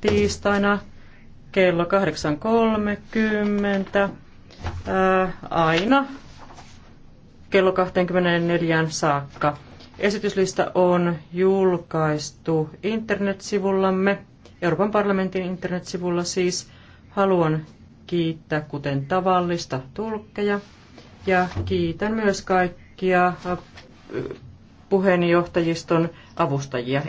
tiistaina kello 8.30 aina kello 24 saakka. Esityslista on julkaistu internetsivullamme, Euroopan parlamentin internetsivulla siis. Haluan kiittää kuten tavallista tulkkeja ja kiitän myös kaikkia puheenjohtajiston avustajia.